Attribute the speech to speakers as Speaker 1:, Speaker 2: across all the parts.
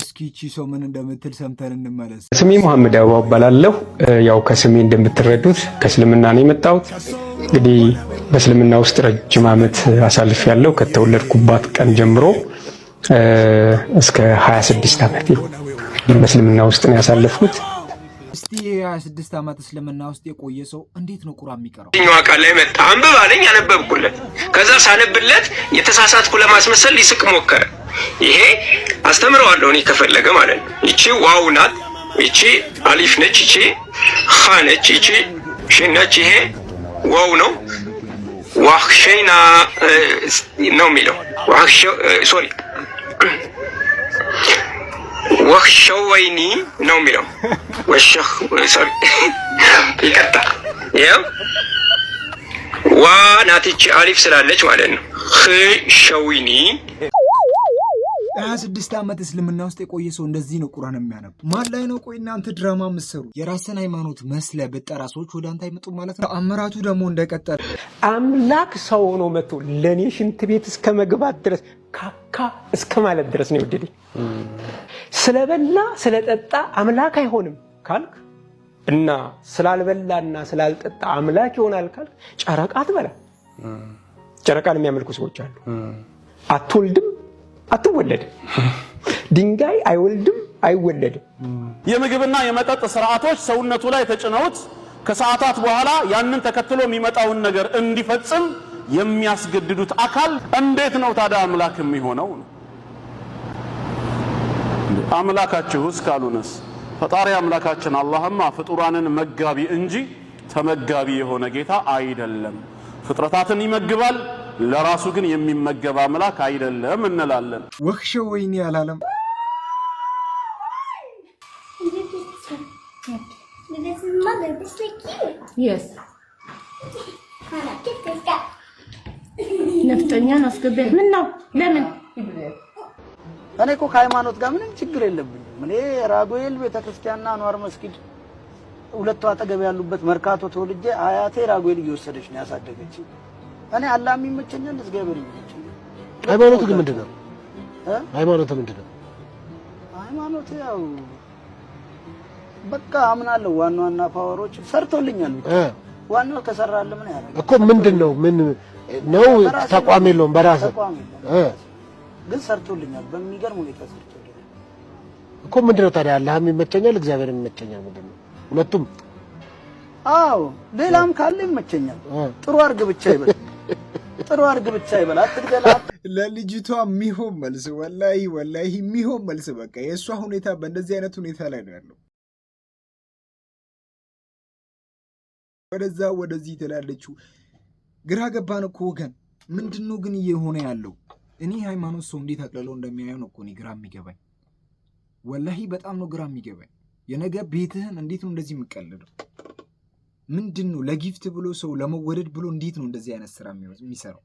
Speaker 1: እስኪ ቺ ሰው ምን እንደምትል ሰምተን እንመለስ። ስሜ መሐመድ አበባ እባላለሁ። ያው ከስሜ እንደምትረዱት ከእስልምና ነው የመጣሁት። እንግዲህ በእስልምና ውስጥ ረጅም ዓመት አሳልፍ ያለው ከተወለድኩባት ቀን ጀምሮ እስከ 26 ዓመቴ በእስልምና ውስጥ ነው ያሳለፍኩት። ይህ የ26 ዓመት
Speaker 2: እስልምና ውስጥ የቆየ ሰው እንዴት ነው ቁራ የሚቀረው? ኛው አካል ላይ መጣ አንብብ አለኝ፣ አነበብኩለት። ከዛ ሳነብለት የተሳሳትኩ ለማስመሰል ሊስቅ ሞከረ። ይሄ አስተምረዋለሁ እኔ ከፈለገ ማለት ነው። ይቺ ዋው ናት፣ ይቺ አሊፍ ነች፣ ይቺ ሃ ነች፣ ይቺ ሽን ነች። ይሄ ዋው ነው። ዋሸይና ነው የሚለው ሶሪ ወሸው ወይኒ ነው የሚለው ወሸህ ይቀጣ ይኸው ዋ ናትች አሊፍ ስላለች ማለት ነው። ሸዊኒ ሀያ ስድስት ዓመት እስልምና ውስጥ የቆየ ሰው እንደዚህ ነው ቁራን የሚያነቡ። ማን ላይ ነው? ቆይ እናንተ
Speaker 3: ድራማ የምትሰሩ የራስን ሃይማኖት መስለ ብጠራ ሰዎች ወደ አንተ አይመጡም ማለት ነው። አምራቱ ደግሞ እንደቀጠለ አምላክ ሰው ሆኖ መጥቶ ለእኔ ሽንት ቤት እስከ መግባት ድረስ ካካ እስከ ማለት ድረስ ነው የወደደኝ ስለበላ ስለጠጣ አምላክ አይሆንም ካልክ እና ስላልበላና ስላልጠጣ አምላክ ይሆናል ካልክ ጨረቃ አትበላ። ጨረቃን የሚያመልኩ ሰዎች አሉ። አትወልድም፣ አትወለድም። ድንጋይ አይወልድም፣ አይወለድም።
Speaker 4: የምግብና የመጠጥ ስርዓቶች ሰውነቱ ላይ ተጭነውት ከሰዓታት በኋላ ያንን ተከትሎ የሚመጣውን ነገር እንዲፈጽም የሚያስገድዱት አካል እንዴት ነው ታዲያ አምላክ የሚሆነው? አምላካችሁ እስካሉንስ ፈጣሪ አምላካችን አላህማ ፍጡራንን መጋቢ እንጂ ተመጋቢ የሆነ ጌታ አይደለም። ፍጥረታትን ይመግባል፣ ለራሱ ግን የሚመገብ አምላክ አይደለም እንላለን።
Speaker 3: ወክሸ ወይኔ አላለም። ነፍጠኛን አስገቢያ ምን ነው ለምን እኔ እኮ ከሃይማኖት ጋር ምንም ችግር የለብኝም። እኔ ራጉኤል ቤተክርስቲያንና አንዋር መስጊድ ሁለቱ አጠገብ ያሉበት መርካቶ ተወልጄ አያቴ ራጉኤል እየወሰደች ነው ያሳደገች። እኔ አላሚ የሚመቸኛል፣ እግዚአብሔር ይመቸኛል።
Speaker 1: ሃይማኖት ግን ምንድን ነው? ሃይማኖት ምንድን ነው?
Speaker 3: ሃይማኖት ያው በቃ አምናለሁ። ዋና ዋና ፓወሮች ሰርቶልኛል። ዋናው ከሰራለ ምን
Speaker 1: ያደርጋል እኮ ምንድን ነው? ምን ነው? ተቋም የለውም በራስህ
Speaker 3: ግን ሰርቶልኛል። በሚገርም ሁኔታ ሰርቶልኛል
Speaker 1: እኮ። ምንድነው ታዲያ አላህም ይመቸኛል፣ እግዚአብሔር ይመቸኛል። ነው ሁለቱም?
Speaker 3: አዎ ሌላም ካለ ይመቸኛል። ጥሩ አርግ ብቻ ይበል፣ ጥሩ አርግ ብቻ ይበል። ለልጅቷ የሚሆን መልስ ወላሂ ወላሂ የሚሆን መልስ። በቃ የእሷ ሁኔታ በእንደዚህ አይነት ሁኔታ ላይ ነው ያለው። ወደዛ ወደዚህ ትላለችው። ግራ ገባን እኮ ወገን። ምንድነው ግን እየሆነ ያለው? እኔ ሃይማኖት ሰው እንዴት አቅልሎ እንደሚያየው ነው እኮ እኔ ግራ የሚገባኝ። ወላሂ በጣም ነው ግራ የሚገባኝ። የነገ ቤትህን እንዴት ነው እንደዚህ የሚቀልደው? ምንድን ነው ለጊፍት ብሎ ሰው ለመወደድ ብሎ እንዴት ነው እንደዚህ አይነት ስራ የሚሰራው?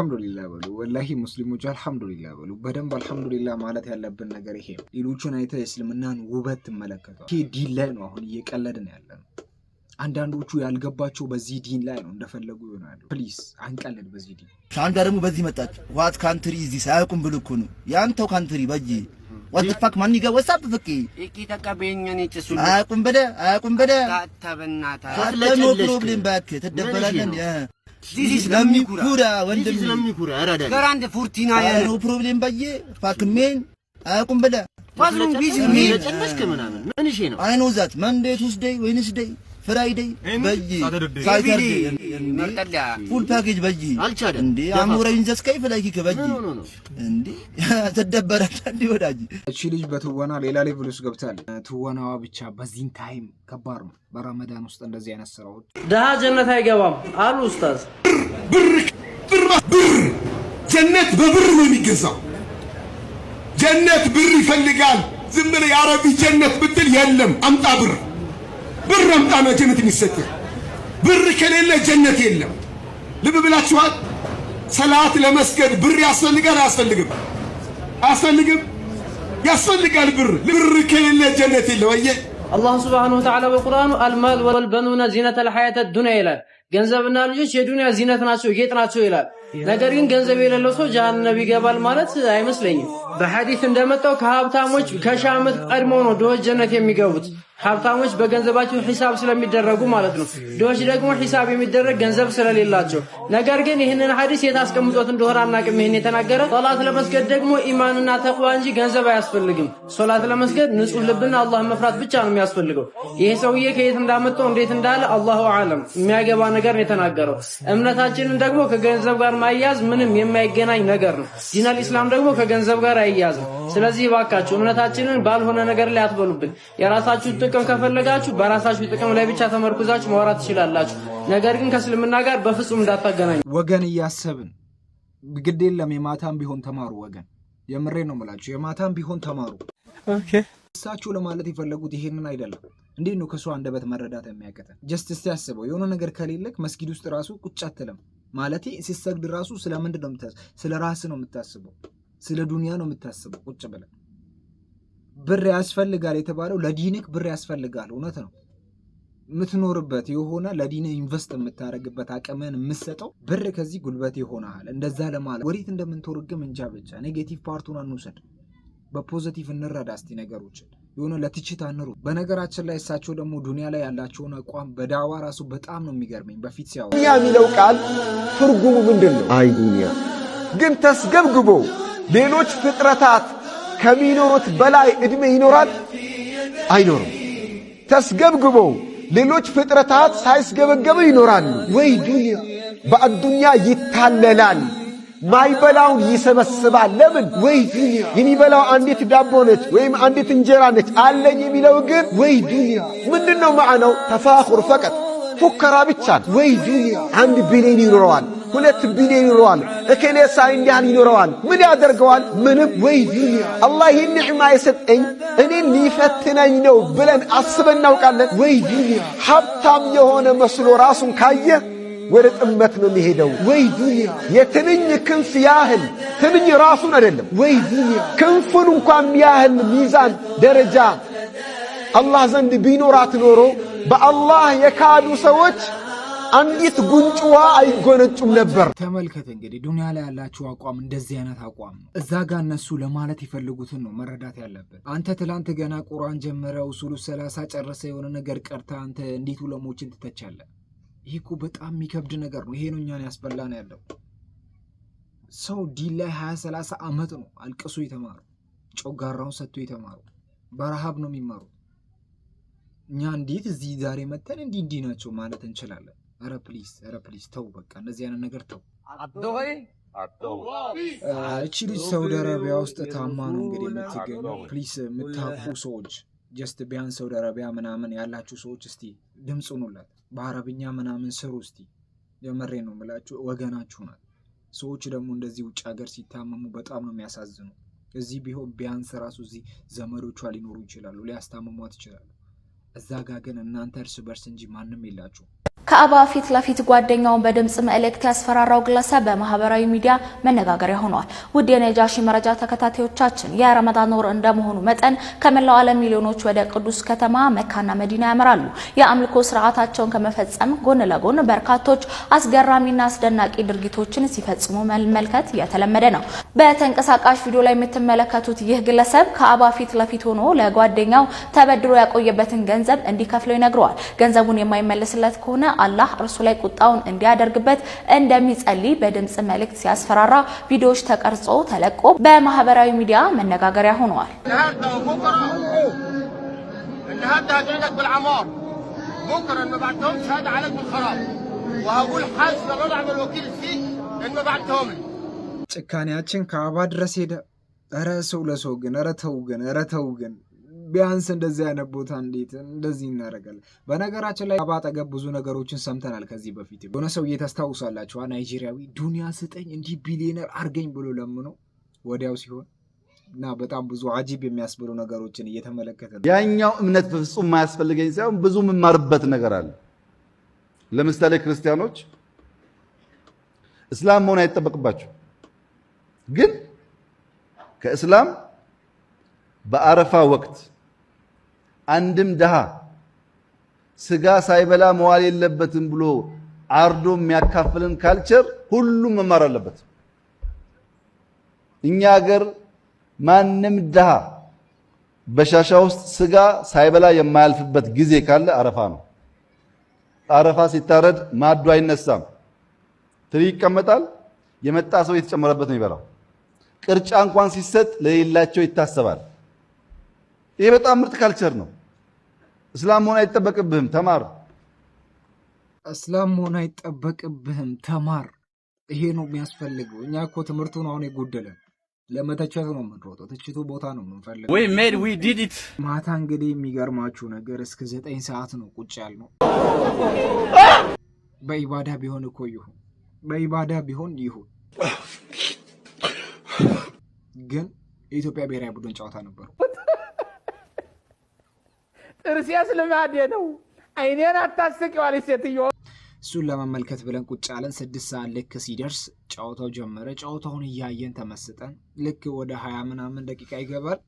Speaker 3: አልሐምዱሊላ በሉ። ወላሂ ሙስሊሞች አልሐምዱሊላ በሉ። በደንብ አልሐምዱሊላ ማለት ያለብን ነገር ይሄ ነው። ሌሎቹን አይተ የእስልምናን ውበት ትመለከተዋል። ይሄ ዲን ላይ ነው አሁን እየቀለድን ያለ ነው። አንዳንዶቹ ያልገባቸው በዚህ ዲን ላይ ነው እንደፈለጉ ይሆናሉ። ፕሊስ አንቀልድ በዚህ ዲን።
Speaker 1: አንዷ ደግሞ በዚህ መጣች። ዋት ካንትሪ እዚህ ሳያውቁም ብልኩ ነው ያንተው ካንትሪ በጂ ወጥፋክ ማን ይገ ወሳብ ፍቂ እኪ ተቀበኝ እኔ ጭሱ አያውቁም በደ አያውቁም በደ ታተበናታ አለኖ ፕሮብሌም ባክ ትደበላለህ ለሚኩራ ወንድም
Speaker 3: ለሚኩራ አራዳ ገራንድ ፉርቲና
Speaker 1: ያኖ ፕሮብሌም ባየ ፋክሜን አያውቁም በደ ባዝሩን ቢዚ ምን ጨነስከ ምናምን ምን እሺ ነው አይኖ ዛት መንዴት ውስደይ ወይንስ ደይ ፍራይዴይ በይ ሳይተርዴ ፉል ፓኬጅ በይ እንዴ አሙረኝ ዘስከይ ፍላይኪ ከበይ እንዴ ተደበረ እንዴ
Speaker 3: ወዳጅ። እቺ ልጅ በትወና ሌላ ሌቭል ውስጥ ገብታል ትወናዋ ብቻ በዚህን ታይም ከባድ ነው። በረመዳን ውስጥ እንደዚህ አይነት ስራዎች
Speaker 5: ድሃ ጀነት አይገባም አሉ ኡስታዝ። ብር
Speaker 1: ብር ጀነት በብር ነው የሚገዛው። ጀነት ብር ይፈልጋል። ዝም ብለህ የአረቢ ጀነት ብትል የለም፣ አምጣ ብር ብር አምጣ ነው ጀነት የሚሰጥህ። ብር ከሌለ ጀነት የለም። ልብ ብላችኋል። ሰላት ለመስገድ ብር ያስፈልጋል አያስፈልግም? አያስፈልግም? ያስፈልጋል ብር። ብር ከሌለ ጀነት የለም። አየህ
Speaker 6: አላህ ስብሐነሁ ወተዓላ በቁርአኑ አልማል ወልበኑነ ዚነተል ሐያተድ ዱንያ ይላል። ገንዘብና ልጆች የዱንያ ዚነት ናቸው፣ ጌጥ ናቸው ይላል። ነገር ግን ገንዘብ የሌለው ሰው ጀሃነም ይገባል ማለት አይመስለኝም። በሐዲስ እንደመጣው ከሀብታሞች ከሺህ ዓመት ቀድሞ ነው ድሆች ጀነት የሚገቡት። ሀብታሞች በገንዘባቸው ሂሳብ ስለሚደረጉ ማለት ነው። ድሆች ደግሞ ሂሳብ የሚደረግ ገንዘብ ስለሌላቸው። ነገር ግን ይህንን ሐዲስ የት አስቀምጦት እንደሆነ አናቅም። ይህን የተናገረ ሶላት ለመስገድ ደግሞ ኢማንና ተቅዋ እንጂ ገንዘብ አያስፈልግም። ሶላት ለመስገድ ንጹህ ልብና አላህ መፍራት ብቻ ነው የሚያስፈልገው። ይህ ሰውዬ ከየት እንዳመጣው እንዴት እንዳለ አላሁ አለም የሚያገባ ነገር ነው የተናገረው። እምነታችንን ደግሞ ከገንዘብ ጋር ማያዝ ምንም የማይገናኝ ነገር ነው። ዲነል ኢስላም ደግሞ ከገንዘብ ጋር አይያዝም። ስለዚህ እባካችሁ እምነታችንን ባልሆነ ነገር ላይ አትበሉብን። የራሳችሁ ጥቅም ከፈለጋችሁ በራሳችሁ ጥቅም ላይ ብቻ ተመርኩዛችሁ ማውራት ትችላላችሁ። ነገር ግን ከእስልምና ጋር በፍጹም እንዳታገናኙ
Speaker 1: ወገን። እያሰብን ግድ የለም የማታም ቢሆን ተማሩ ወገን። የምሬ ነው የምላችሁ፣ የማታም ቢሆን ተማሩ።
Speaker 3: እሳችሁ ለማለት የፈለጉት ይሄንን አይደለም። እንዴት ነው ከእሷ አንደበት መረዳት የሚያቀጠን? ጀስት እስቲ ያስበው የሆነ ነገር ከሌለክ መስጊድ ውስጥ ራሱ ቁጭ አትለም። ማለት ሲሰግድ ራሱ ስለምንድን ነው የምታስበው? ስለ ራስ ነው የምታስበው፣ ስለ ዱንያ ነው የምታስበው። ቁጭ ብለ ብር ያስፈልጋል የተባለው ለዲንክ ብር ያስፈልጋል፣ እውነት ነው። የምትኖርበት የሆነ ለዲን ኢንቨስት የምታደርግበት አቅምን የምሰጠው ብር ከዚህ ጉልበት ይሆናል። እንደዛ ለማለት ወዴት እንደምንተረግም እንጃ። ብቻ ኔጌቲቭ ፓርቱን አንውሰድ፣ በፖዘቲቭ እንረዳ እስቲ ነገሮችን የሆነ ለትችት አንሩ። በነገራችን ላይ እሳቸው ደግሞ ዱኒያ ላይ ያላቸውን አቋም በዳዋ ራሱ በጣም ነው የሚገርመኝ። በፊት ሲያ
Speaker 1: ዱኒያ የሚለው ቃል ትርጉሙ ምንድን ነው? አይ ዱኒያ ግን ተስገብግቦ ሌሎች ፍጥረታት ከሚኖሩት በላይ እድሜ ይኖራል አይኖርም? ተስገብግቦ ሌሎች ፍጥረታት ሳይስገበገበው ይኖራሉ ወይ? ዱኒያ በአዱኛ ይታለላል ማይበላውን ይሰበስባል። ለምን ወይ ዱንያ የሚበላው አንዲት ዳቦ ነች ወይም አንዲት እንጀራ ነች። አለኝ የሚለው ግን ወይ ዱንያ ምንድን ነው ማዕናው? ተፋኹር ፈቀጥ ፉከራ ብቻ ወይ ዱንያ አንድ ቢሊዮን ይኖረዋል፣ ሁለት ቢሊዮን ይኖረዋል፣ እከሌ ሳይ እንዲያህል ይኖረዋል። ምን ያደርገዋል? ምንም። ወይ ዱንያ አላህ ይህን ኒዕማ የሰጠኝ እኔን ሊፈትነኝ ነው ብለን አስበን እናውቃለን? ወይ ዱንያ ሀብታም የሆነ መስሎ ራሱን ካየ ወደ ጥመት ነው የሚሄደው። ወይ ዱንያ የትንኝ ክንፍ ያህል ትንኝ ራሱን አይደለም፣ ወይ ዱንያ ክንፉን እንኳን ያህል ሚዛን ደረጃ አላህ ዘንድ ቢኖራት ኖሮ በአላህ የካዱ ሰዎች አንዲት ጉንጭዋ አይጎነጩም ነበር።
Speaker 3: ተመልከት እንግዲህ ዱንያ ላይ ያላችሁ አቋም እንደዚህ አይነት አቋም ነው። እዛ ጋር እነሱ ለማለት የፈለጉትን ነው መረዳት ያለብን። አንተ ትላንት ገና ቁርአን ጀምረው ሱሉ ሰላሳ ጨረሰ የሆነ ነገር ቀርታ አንተ እንዴት ዑለሞችን ትተቻለህ? ይሄ እኮ በጣም የሚከብድ ነገር ነው። ይሄ ነው እኛን ያስበላ ነው ያለው ሰው ዲን ላይ ሀያ ሰላሳ ዓመት ነው አልቅሶ የተማሩ ጮጋራውን ሰጥቶ የተማሩ በረሃብ ነው የሚማሩት። እኛ እንዴት እዚህ ዛሬ መተን እንዲህ እንዲህ ናቸው ማለት እንችላለን? ኧረ ፕሊስ፣ ኧረ ፕሊስ ተው፣ በቃ እንደዚህ አይነት ነገር ተው። እቺ ልጅ ሳውዲ አረቢያ ውስጥ ታማ ነው እንግዲህ የምትገኘው። ፕሊስ የምታቁ ሰዎች ጀስት ቢያንስ ሳውዲ አረቢያ ምናምን ያላችሁ ሰዎች እስቲ ድምፅ ሁኑላት። በአረብኛ ምናምን ስሩ እስቲ። የመሬ ነው የምላችሁ፣ ወገናችሁ ናት። ሰዎች ደግሞ እንደዚህ ውጭ ሀገር ሲታመሙ በጣም ነው የሚያሳዝኑ። እዚህ ቢሆን ቢያንስ ራሱ እዚህ ዘመዶቿ ሊኖሩ ይችላሉ፣ ሊያስታምሟት ይችላሉ። እዛ ጋ ግን እናንተ እርስ በርስ እንጂ ማንም የላችሁ።
Speaker 7: ከአባ ፊት ለፊት ጓደኛውን በድምጽ መልእክት ያስፈራራው ግለሰብ በማህበራዊ ሚዲያ መነጋገሪያ ሆኗል። ውድ የነጃሺ መረጃ ተከታታዮቻችን የረመዳን ወር እንደመሆኑ መጠን ከመላው ዓለም ሚሊዮኖች ወደ ቅዱስ ከተማ መካና መዲና ያመራሉ። የአምልኮ ስርዓታቸውን ከመፈጸም ጎን ለጎን በርካቶች አስገራሚና አስደናቂ ድርጊቶችን ሲፈጽሙ መመልከት የተለመደ ነው። በተንቀሳቃሽ ቪዲዮ ላይ የምትመለከቱት ይህ ግለሰብ ከአባ ፊት ለፊት ሆኖ ለጓደኛው ተበድሮ ያቆየበትን ገንዘብ እንዲከፍለው ይነግረዋል። ገንዘቡን የማይመልስለት ከሆነ አላህ እርሱ ላይ ቁጣውን እንዲያደርግበት እንደሚጸልይ በድምፅ መልእክት ሲያስፈራራ ቪዲዮዎች ተቀርጾ ተለቆ በማህበራዊ ሚዲያ መነጋገሪያ ሆነዋል።
Speaker 3: ጭካኔያችን ከአባ ድረስ ሄደ። ኧረ ሰው ለሰው ግን ኧረ ተው ግን ኧረ ግን ቢያንስ እንደዚህ አይነት ቦታ እንዴት እንደዚህ እናደርጋለን? በነገራችን ላይ አባጠገብ ብዙ ነገሮችን ሰምተናል ከዚህ በፊት የሆነ ሰውዬ ታስታውሳላችኋ? ናይጄሪያዊ ዱኒያ ስጠኝ እንዲህ ቢሊዮነር አድርገኝ ብሎ ለምኖ ወዲያው ሲሆን እና በጣም ብዙ አጂብ የሚያስብሉ ነገሮችን እየተመለከተ ነው።
Speaker 1: ያኛው እምነት በፍጹም የማያስፈልገኝ ሳይሆን ብዙ የምማርበት ነገር አለ። ለምሳሌ ክርስቲያኖች እስላም መሆን አይጠበቅባቸው፣ ግን ከእስላም በአረፋ ወቅት አንድም ድሃ ስጋ ሳይበላ መዋል የለበትም ብሎ አርዶ የሚያካፍልን ካልቸር ሁሉም መማር አለበት። እኛ ሀገር ማንም ድሃ በሻሻ ውስጥ ስጋ ሳይበላ የማያልፍበት ጊዜ ካለ አረፋ ነው። አረፋ ሲታረድ ማዱ አይነሳም፣ ትሪ ይቀመጣል። የመጣ ሰው የተጨመረበት ነው ይበላው። ቅርጫ እንኳን ሲሰጥ ለሌላቸው ይታሰባል። ይሄ በጣም ምርጥ ካልቸር ነው። እስላም መሆን አይጠበቅብህም፣ ተማር።
Speaker 3: እስላም መሆን አይጠበቅብህም፣ ተማር። ይሄ ነው የሚያስፈልገው። እኛ እኮ ትምህርቱን አሁን የጎደለን። ለመተቸት ነው የምንሮጠው። ትችቱ ቦታ ነው የምንፈልገው።
Speaker 5: ወይ ሜድ ዊ ዲድ ኢት።
Speaker 3: ማታ እንግዲህ የሚገርማችሁ ነገር እስከ ዘጠኝ ሰዓት ነው ቁጭ ያልነው። በኢባዳ ቢሆን እኮ ይሁን፣ በኢባዳ ቢሆን ይሁን። ግን የኢትዮጵያ ብሔራዊ ቡድን ጨዋታ ነበረው። ጥርሴስ ልማዴ ነው። አይኔን አታስቂዋለች ሴትዮ። እሱን ለመመልከት ብለን ቁጭ አለን። ስድስት ሰዓት ልክ ሲደርስ ጨዋታው ጀመረ። ጨዋታውን እያየን ተመስጠን ልክ ወደ ሀያ ምናምን ደቂቃ ይገባል።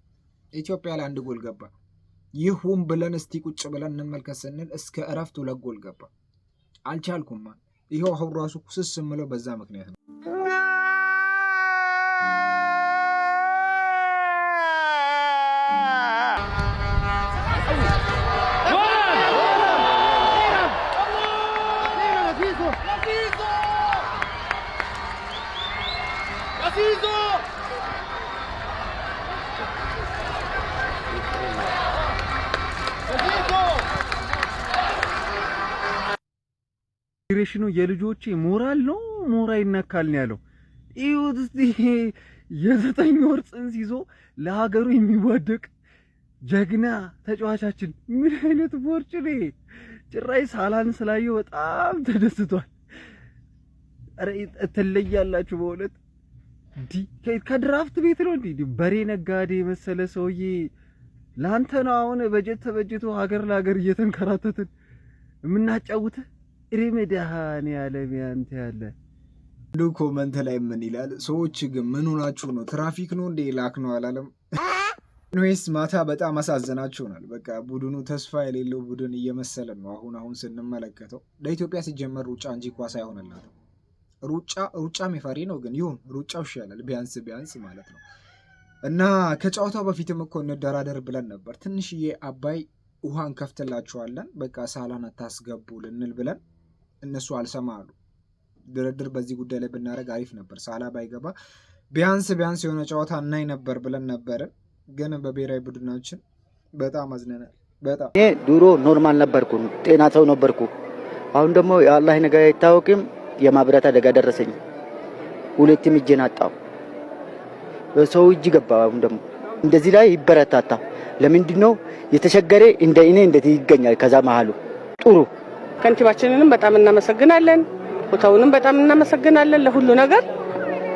Speaker 3: ኢትዮጵያ ላይ አንድ ጎል ገባ። ይሁን ብለን እስቲ ቁጭ ብለን እንመልከት ስንል እስከ እረፍት ሁለት ጎል ገባ። አልቻልኩማ ይኸው አሁን ራሱ ኩስስ በዛ ምክንያት ነው። preciso. ኢሚግሬሽኑ የልጆቼ ሞራል ነው፣ ሞራ ይነካል ነው ያለው። ይሁት እስቲ የዘጠኝ ወር ጽንስ ይዞ ለሀገሩ የሚዋደቅ ጀግና ተጫዋቻችን ምን አይነት ቦርጭ ነው! ጭራይ ሳላን ስላየው በጣም ተደስቷል። ኧረ ትለያላችሁ በእውነት። ከድራፍት ቤት ነው እንዴ? በሬ ነጋዴ የመሰለ ሰውዬ ለአንተ ነው አሁን በጀት ተበጅቶ ሀገር ለሀገር እየተንከራተትን የምናጫውተ እሬ ያለ ያንተ ያለ ሉ ኮመንት ላይ ምን ይላል? ሰዎች ግን ምን ሆናችሁ ነው? ትራፊክ ነው እንዴ ላክ ነው አላለም ኖዌስ ማታ በጣም አሳዘናችሁናል። በቃ ቡድኑ ተስፋ የሌለው ቡድን እየመሰለን ነው አሁን አሁን ስንመለከተው። ለኢትዮጵያ ሲጀመር ሩጫ እንጂ ኳስ አይሆንላትም። ሩጫ ሩጫም የፈሪ ነው፣ ግን ይሁን ሩጫው ይሻላል ቢያንስ ቢያንስ ማለት ነው። እና ከጨዋታው በፊትም እኮ እንደራደር ብለን ነበር። ትንሽዬ አባይ ውሃ እንከፍትላችኋለን፣ በቃ ሳላን አታስገቡ ልንል ብለን እነሱ አልሰማ አሉ። ድርድር በዚህ ጉዳይ ላይ ብናደረግ አሪፍ ነበር። ሳላ ባይገባ ቢያንስ ቢያንስ የሆነ ጨዋታ እናይ ነበር ብለን ነበር። ግን በብሔራዊ ቡድናችን በጣም አዝነናል። በጣም ይሄ ድሮ ኖርማል ነበርኩ፣ ጤና ሰው ነበርኩ። አሁን ደግሞ የአላህ ነገር አይታወቅም። የማብራት አደጋ ደረሰኝ። ሁለትም እጄን አጣው። በሰው እጅ ገባ። አሁን ደግሞ እንደዚህ ላይ ይበረታታ። ለምንድን ነው የተቸገረ እንደ እኔ እንደት ይገኛል። ከዛ መሀሉ ጥሩ
Speaker 8: ከንቲባችንንም በጣም እናመሰግናለን። ቦታውንም በጣም እናመሰግናለን። ለሁሉ ነገር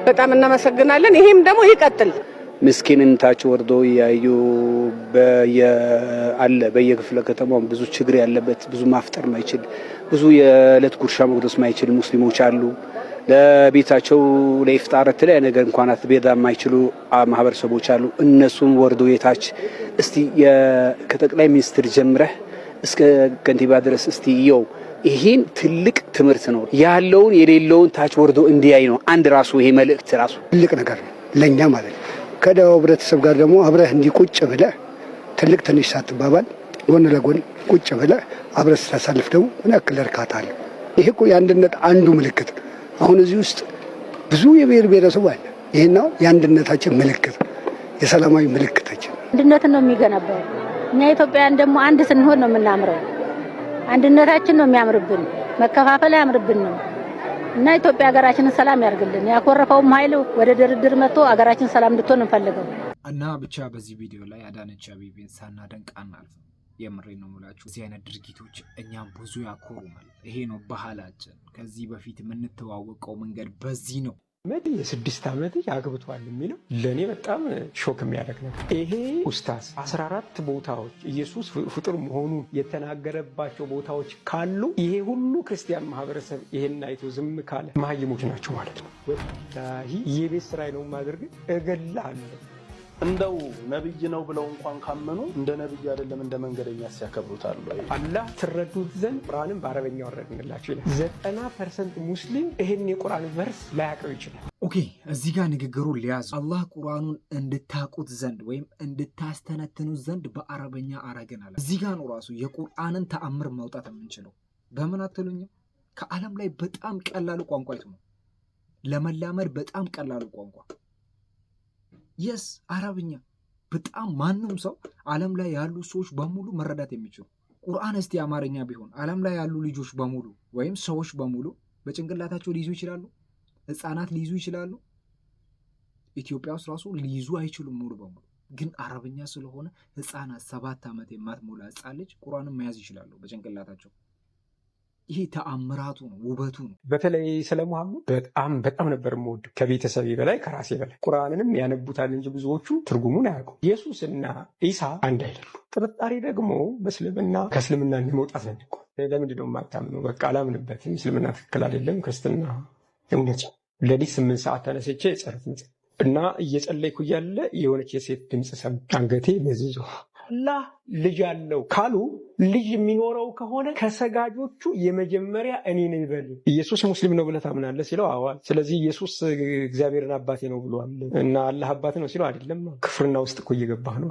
Speaker 8: በጣም እናመሰግናለን። ይሄም ደግሞ ይቀጥል።
Speaker 9: ምስኪንነታቸው ወርዶ እያዩ አለ። በየክፍለ ከተማው ብዙ ችግር ያለበት ብዙ ማፍጠር ማይችል ብዙ የዕለት ጉርሻ መቅደስ ማይችል ሙስሊሞች አሉ። ለቤታቸው ለኢፍጣር የተለያየ ነገር እንኳን ቤዛ የማይችሉ ማህበረሰቦች አሉ። እነሱም ወርዶ የታች እስቲ ከጠቅላይ ሚኒስትር ጀምረህ እስከ ከንቲባ ድረስ እስቲ የው ይህን ትልቅ ትምህርት ነው ያለውን የሌለውን ታች ወርዶ እንዲያይ ነው። አንድ ራሱ ይሄ መልእክት ራሱ
Speaker 3: ትልቅ ነገር ነው ለእኛ ማለት ነው። ከደሃው ህብረተሰብ ጋር ደግሞ አብረህ እንዲህ ቁጭ ብለህ ትልቅ ትንሽ ሳትባባል ጎን ለጎን ቁጭ ብለህ አብረህ ስታሳልፍ ደግሞ ምን ያክል እርካታ አለ። ይሄ እኮ የአንድነት አንዱ ምልክት። አሁን እዚህ ውስጥ ብዙ የብሔር ብሔረሰቡ አለ። ይህናው የአንድነታችን ምልክት፣ የሰላማዊ ምልክታችን
Speaker 8: አንድነትን ነው የሚገነባው። እኛ ኢትዮጵያውያን ደግሞ አንድ ስንሆን ነው የምናምረው። አንድነታችን ነው የሚያምርብን፣ መከፋፈል አያምርብን ነው እና ኢትዮጵያ ሀገራችንን ሰላም ያርግልን። ያኮረፈውም ኃይል ወደ ድርድር መጥቶ ሀገራችን ሰላም እንድትሆን እንፈልገው
Speaker 3: እና ብቻ በዚህ ቪዲዮ ላይ አዳነች አቤቤን ሳናደንቅ አናልፍም። የምሬ ነው ሙላችሁ። እዚህ አይነት ድርጊቶች እኛም ብዙ ያኮሩናል። ይሄ ነው ባህላችን። ከዚህ በፊት የምንተዋወቀው መንገድ በዚህ ነው። አመት የስድስት ዓመት አግብቷል የሚለው ለእኔ በጣም ሾክ የሚያደርግ ነው። ይሄ ኡስታዝ 14 ቦታዎች ኢየሱስ ፍጡር መሆኑን የተናገረባቸው ቦታዎች ካሉ ይሄ ሁሉ ክርስቲያን ማህበረሰብ ይሄን አይቶ ዝም ካለ መሀይሞች ናቸው ማለት ነው። ወላሂ የቤት ስራ ነው የማደርግ እገላለሁ እንደው ነብይ ነው ብለው እንኳን ካመኑ እንደ ነብይ አይደለም እንደ መንገደኛ ሲያከብሩታል። አላህ ትረዱት ዘንድ ቁርአንን በአረበኛ ወረድንላቸው ይላል። ዘጠና ፐርሰንት ሙስሊም ይህን የቁርአን ቨርስ ላያውቀው ይችላል። ኦኬ እዚህ ጋር ንግግሩ ሊያዝ አላህ ቁርአኑን እንድታቁት ዘንድ ወይም እንድታስተነትኑት ዘንድ በአረበኛ አረግናል። እዚህ ጋር ነው ራሱ የቁርአንን ተአምር ማውጣት የምንችለው። በምን አትሉኝም? ከዓለም ላይ በጣም ቀላሉ ቋንቋ የቱ ነው? ለመላመድ በጣም ቀላሉ ቋንቋ የስ አረብኛ በጣም ማንም ሰው ዓለም ላይ ያሉ ሰዎች በሙሉ መረዳት የሚችሉ ቁርአን እስቲ አማርኛ ቢሆን ዓለም ላይ ያሉ ልጆች በሙሉ ወይም ሰዎች በሙሉ በጭንቅላታቸው ሊይዙ ይችላሉ። ህፃናት ሊይዙ ይችላሉ። ኢትዮጵያ ውስጥ ራሱ ሊይዙ አይችሉም ሙሉ በሙሉ ግን አረብኛ ስለሆነ ህፃናት ሰባት ዓመት የማትሞላ ህፃን ልጅ ቁርአንን መያዝ ይችላሉ በጭንቅላታቸው። ይሄ ተአምራቱ ነው፣ ውበቱ ነው። በተለይ ስለ ሙሐመድ በጣም በጣም ነበር የምወደው ከቤተሰብ በላይ ከራሴ በላይ። ቁርአንንም ያነቡታል እንጂ ብዙዎቹ ትርጉሙን አያውቁም። እና ኢሳ አንድ አይደሉም። ጥርጣሬ ደግሞ በእስልምና ከእስልምና እንዲመውጣት ነው እኮ። ለምንድን ነው የማታምነው? በቃ አላምንበትም፣ እስልምና ትክክል አይደለም፣ ክርስትና እምነት። ለሊት ስምንት ሰዓት ተነስቼ የጸረት እና እየጸለይኩ እያለ የሆነች የሴት ድምፅ ሰምቼ አንገቴ በዝዞ ጠቅላላ ልጅ አለው ካሉ ልጅ የሚኖረው ከሆነ ከሰጋጆቹ የመጀመሪያ እኔ ነኝ በል። ኢየሱስ ሙስሊም ነው ብለህ ታምናለህ ሲለው አዋ። ስለዚህ ኢየሱስ እግዚአብሔርን አባቴ ነው ብሏል እና አላህ አባቴ ነው ሲለው አይደለም፣ ክፍርና ውስጥ እኮ እየገባህ ነው።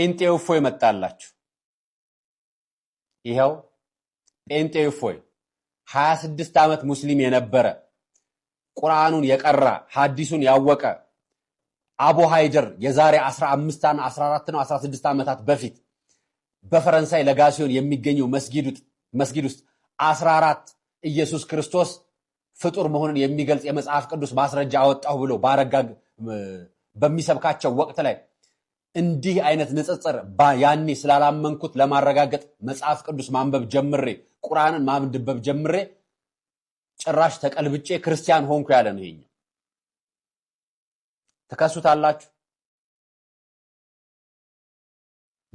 Speaker 5: ጴንጤው እፎይ መጣላችሁ። ይኸው ጴንጤው እፎይ ሀያ ስድስት ዓመት ሙስሊም የነበረ ቁርአኑን የቀራ ሀዲሱን ያወቀ አቡ ሃይደር የዛሬ 15 እና 14 ነው 16 ዓመታት በፊት በፈረንሳይ ለጋሲዮን የሚገኘው መስጊድ ውስጥ 14 ኢየሱስ ክርስቶስ ፍጡር መሆኑን የሚገልጽ የመጽሐፍ ቅዱስ ማስረጃ አወጣሁ ብሎ ባረጋ በሚሰብካቸው ወቅት ላይ እንዲህ አይነት ንጽጽር ያኔ ስላላመንኩት ለማረጋገጥ መጽሐፍ ቅዱስ ማንበብ ጀምሬ ቁርአንን ማንበብ ጀምሬ ጭራሽ ተቀልብጬ ክርስቲያን ሆንኩ ያለ ነው ይሄኛው። ትከሱታላችሁ።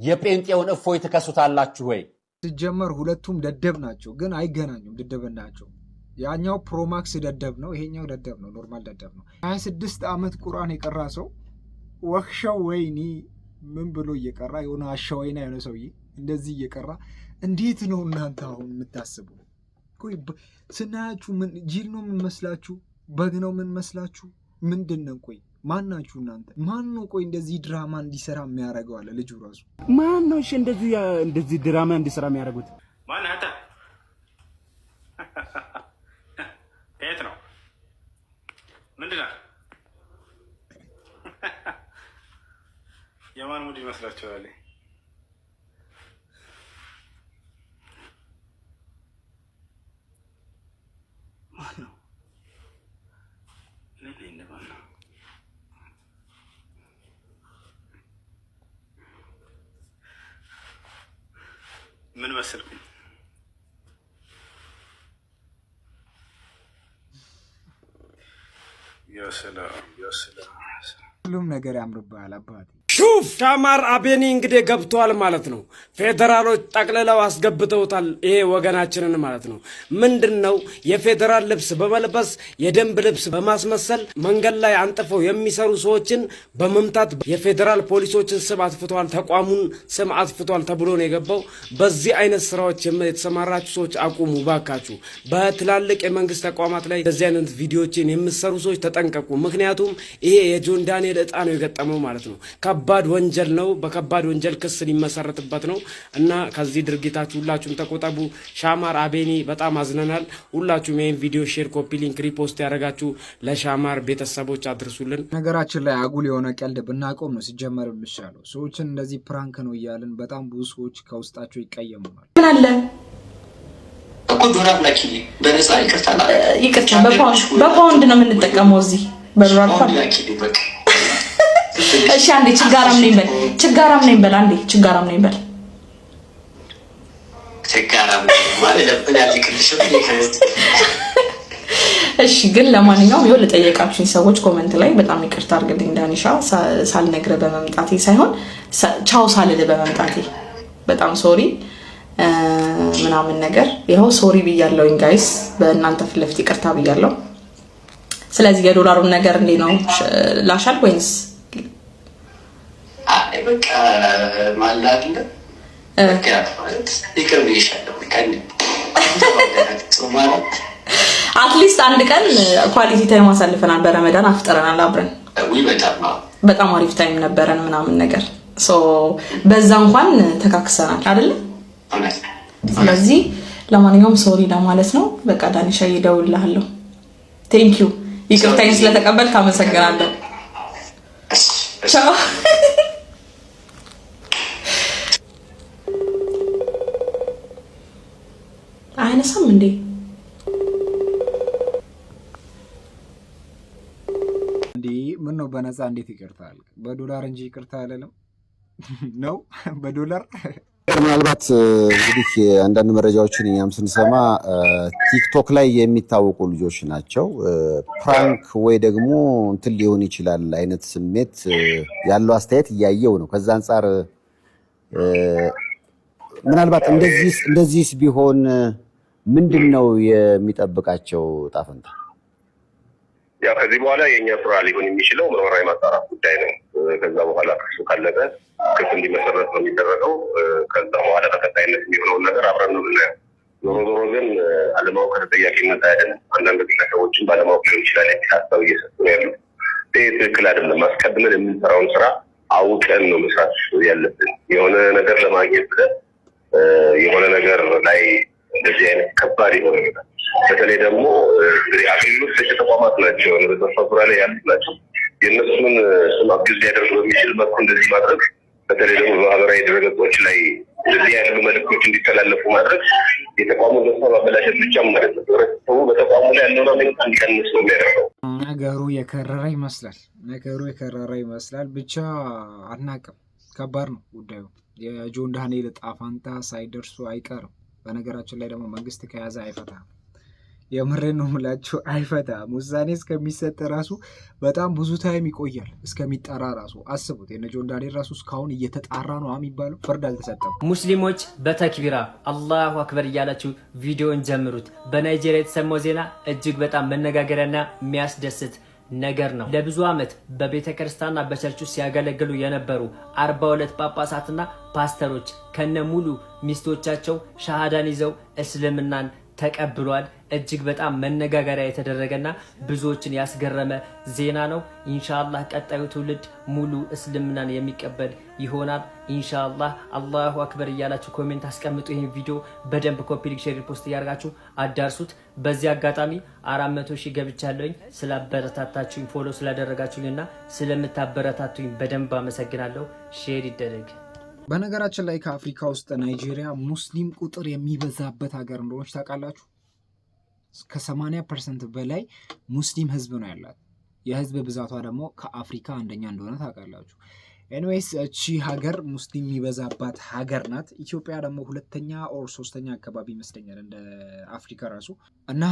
Speaker 5: የጴንጤውን እፎይ ትከሱታላችሁ ወይ?
Speaker 3: ሲጀመር ሁለቱም ደደብ ናቸው፣ ግን አይገናኙም። ናቸው ያኛው ፕሮማክስ ደደብ ነው፣ ይሄኛው ደደብ ነው፣ ኖርማል ደደብ ነው። ሀያ ስድስት ዓመት ቁርአን የቀራ ሰው ወክሸው ወይኒ ምን ብሎ እየቀራ የሆነ አሸወይና የሆነ ሰውዬ እንደዚህ እየቀራ እንዴት ነው እናንተ አሁን የምታስቡ? ስናያችሁ ምን ጅል ነው የምንመስላችሁ? በግ ነው የምንመስላችሁ? ምንድን ነን? ቆይ ናችሁ እናንተ? ማን ነው ቆይ እንደዚህ ድራማ እንዲሰራ የሚያደርገው? አለ ልጁ ራሱ። ማን ነው እሺ እንደዚህ እንደዚህ ድራማ እንዲሰራ የሚያደርጉት?
Speaker 5: ማን አንተ? ከየት ነው? ምንድን ነው? የማን ሙድ ይመስላችኋል? ማን ነው? ምን መሰልኩኝ
Speaker 3: ሁሉም ነገር ያምርብሃል አባቴ ሹፍ ሻማር አቤኒ እንግዲህ ገብተዋል ማለት ነው። ፌዴራሎች ጠቅልለው አስገብተውታል። ይሄ ወገናችንን ማለት ነው። ምንድን ነው የፌዴራል ልብስ በመልበስ የደንብ ልብስ በማስመሰል መንገድ ላይ አንጥፈው የሚሰሩ ሰዎችን በመምታት የፌዴራል ፖሊሶችን ስም አጥፍተዋል፣ ተቋሙን ስም አጥፍተዋል ተብሎ ነው የገባው። በዚህ አይነት ስራዎች የተሰማራችሁ ሰዎች አቁሙ ባካችሁ። በትላልቅ የመንግስት ተቋማት ላይ እንደዚህ አይነት ቪዲዮችን የምሰሩ ሰዎች ተጠንቀቁ። ምክንያቱም ይሄ የጆን ዳንኤል እጣ ነው የገጠመው ማለት ነው። ከባድ ወንጀል ነው። በከባድ ወንጀል ክስ ሊመሰረትበት ነው እና ከዚህ ድርጊታችሁ ሁላችሁም ተቆጠቡ። ሻማር አቤኔ በጣም አዝነናል። ሁላችሁም ይህን ቪዲዮ ሼር፣ ኮፒ ሊንክ፣ ሪፖስት ያደረጋችሁ ለሻማር ቤተሰቦች አድርሱልን። ነገራችን ላይ አጉል የሆነ ቀልድ ብናቆም ነው ሲጀመር ብሻለሁ። ሰዎችን እንደዚህ ፕራንክ ነው እያልን በጣም ብዙ ሰዎች ከውስጣቸው ይቀየሙናል። ምን አለ ዶላር ላኪ፣ በነፃ ይቅርታ፣ በፓውንድ ነው የምንጠቀመው እዚህ በዶላር እሺ፣ አንዴ ችጋራም ነኝ በል፣ ችጋራም ነኝ በል፣ አንዴ ችጋራም ነኝ በል። እሺ ግን ለማንኛውም ይኸው ለጠየቃችሁኝ ሰዎች ኮመንት ላይ በጣም ይቅርታ አድርግልኝ ዳኒሻ፣ ሳልነግርህ በመምጣቴ ሳይሆን ቻው ሳልል በመምጣቴ በጣም ሶሪ ምናምን ነገር ይኸው ሶሪ ብያለሁኝ ጋይስ፣ በእናንተ ፊት ለፊት ይቅርታ ብያለሁ። ስለዚህ የዶላሩን ነገር እንዴት ነው ላሻል ወይንስ በቃ ማላለ አትሊስት አንድ ቀን ኳሊቲ ታይም አሳልፈናል። በረመዳን አፍጥረናል አብረን በጣም አሪፍ ታይም ነበረን ምናምን ነገር በዛ እንኳን ተካክሰናል አይደለም። ስለዚህ ለማንኛውም ሶሪ ለማለት ነው። በቃ ዳኒሻ ይደውልልሃለሁ። ቴንኪዩ ይቅርታኝ ስለተቀበልክ አመሰግናለሁ። ቻው አትመልሱም እንዴ? እንዲህ ምን ነው በነፃ እንዴት ይቅርታ አለ? በዶላር እንጂ ይቅርታ አለለም ነው በዶላር ምናልባት እንግዲህ አንዳንድ መረጃዎችን እኛም ስንሰማ ቲክቶክ ላይ የሚታወቁ ልጆች ናቸው። ፕራንክ ወይ ደግሞ እንትን ሊሆን ይችላል አይነት ስሜት ያለው አስተያየት እያየው ነው። ከዛ አንጻር ምናልባት እንደዚህስ ቢሆን ምንድን ነው የሚጠብቃቸው ጣፈንታ? ያው ከዚህ በኋላ የእኛ ስራ ሊሆን የሚችለው ምርመራ የማጣራት ጉዳይ ነው። ከዛ በኋላ ክሱ ካለቀ ክስ እንዲመሰረት ነው የሚደረገው። ከዛ በኋላ ተከታይነት የሚሆነውን ነገር አብረን ነው ምናየው። ዞሮ ዞሮ ግን አለማወቅ ከተጠያቂነት አያድንም። አንዳንድ ግለሰቦችን ባለማወቅ ሊሆን ይችላል የሚል ሀሳብ እየሰጡ ነው ያሉ። ይህ ትክክል አይደለም። አስቀድመን የምንሰራውን ስራ አውቀን ነው መስራት ያለብን። የሆነ ነገር ለማግኘት ብለን የሆነ ነገር ላይ እንደዚህ አይነት ከባድ የሆነ በተለይ ደግሞ አገልግሎት ሰጪ ተቋማት ናቸው፣ በተፈራ ላይ ያሉት ናቸው። የእነሱን ስም አቢዝ ሊያደርግ በሚችል መልኩ እንደዚህ ማድረግ በተለይ ደግሞ በማህበራዊ ድረገጾች ላይ እንደዚህ ያሉ መልእክቶች እንዲተላለፉ ማድረግ የተቋሙ ዘሳ ማበላሸት ብቻ ማለት ነው። ህብረተሰቡ በተቋሙ ላይ ያለው አሜሪካ እንዲቀንስ ነው የሚያደርገው። ነገሩ የከረረ ይመስላል። ነገሩ የከረረ ይመስላል። ብቻ አናቅም። ከባድ ነው ጉዳዩ። የጆን ዳንኤል ዕጣ ፈንታ ሳይደርሱ አይቀርም። በነገራችን ላይ ደግሞ መንግስት ከያዘ አይፈታም። የምሬ ነው የምላችሁ አይፈታም። ውሳኔ እስከሚሰጥ ራሱ በጣም ብዙ ታይም ይቆያል፣ እስከሚጠራ ራሱ አስቡት። የነ ጆን ዳንኤል ራሱ እስካሁን እየተጣራ ነው የሚባለው፣ ፍርድ አልተሰጠም። ሙስሊሞች በተክቢራ አላሁ አክበር እያላችሁ ቪዲዮን ጀምሩት። በናይጄሪያ የተሰማው ዜና እጅግ በጣም መነጋገሪያና የሚያስደስት ነገር ነው። ለብዙ ዓመት በቤተ ክርስቲያንና በቸርቹ ሲያገለግሉ የነበሩ 42 ጳጳሳትና ፓስተሮች ከነ ሙሉ ሚስቶቻቸው ሻሃዳን ይዘው እስልምናን ተቀብሏል። እጅግ በጣም መነጋገሪያ የተደረገና ብዙዎችን ያስገረመ ዜና ነው። ኢንሻአላህ ቀጣዩ ትውልድ ሙሉ እስልምናን የሚቀበል ይሆናል። ኢንሻአላህ አላሁ አክበር እያላችሁ ኮሜንት አስቀምጡ። ይህን ቪዲዮ በደንብ ኮፒሊክ ሼር ፖስት እያደርጋችሁ አዳርሱት። በዚህ አጋጣሚ አራት መቶ ሺህ ገብቻለሁኝ። ስላበረታታችሁኝ፣ ፎሎ ስላደረጋችሁኝና ስለምታበረታቱኝ በደንብ አመሰግናለሁ። ሼር ይደረግ። በነገራችን ላይ ከአፍሪካ ውስጥ ናይጄሪያ ሙስሊም ቁጥር የሚበዛበት ሀገር እንደሆነች ታውቃላችሁ። ከ80 ፐርሰንት በላይ ሙስሊም ህዝብ ነው ያላት። የህዝብ ብዛቷ ደግሞ ከአፍሪካ አንደኛ እንደሆነ ታውቃላችሁ። ኤንዌይስ እቺ ሀገር ሙስሊም የሚበዛባት ሀገር ናት። ኢትዮጵያ ደግሞ ሁለተኛ ኦር ሶስተኛ አካባቢ ይመስለኛል እንደ አፍሪካ ራሱ እና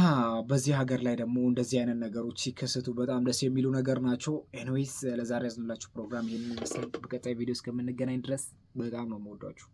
Speaker 3: በዚህ ሀገር ላይ ደግሞ እንደዚህ አይነት ነገሮች ሲከሰቱ በጣም ደስ የሚሉ ነገር ናቸው። ኤንዌይስ ለዛሬ ያዝንላችሁ ፕሮግራም ይሄንን ይመስላል። በቀጣይ ቪዲዮ እስከምንገናኝ ድረስ በጣም ነው መወዷችሁ።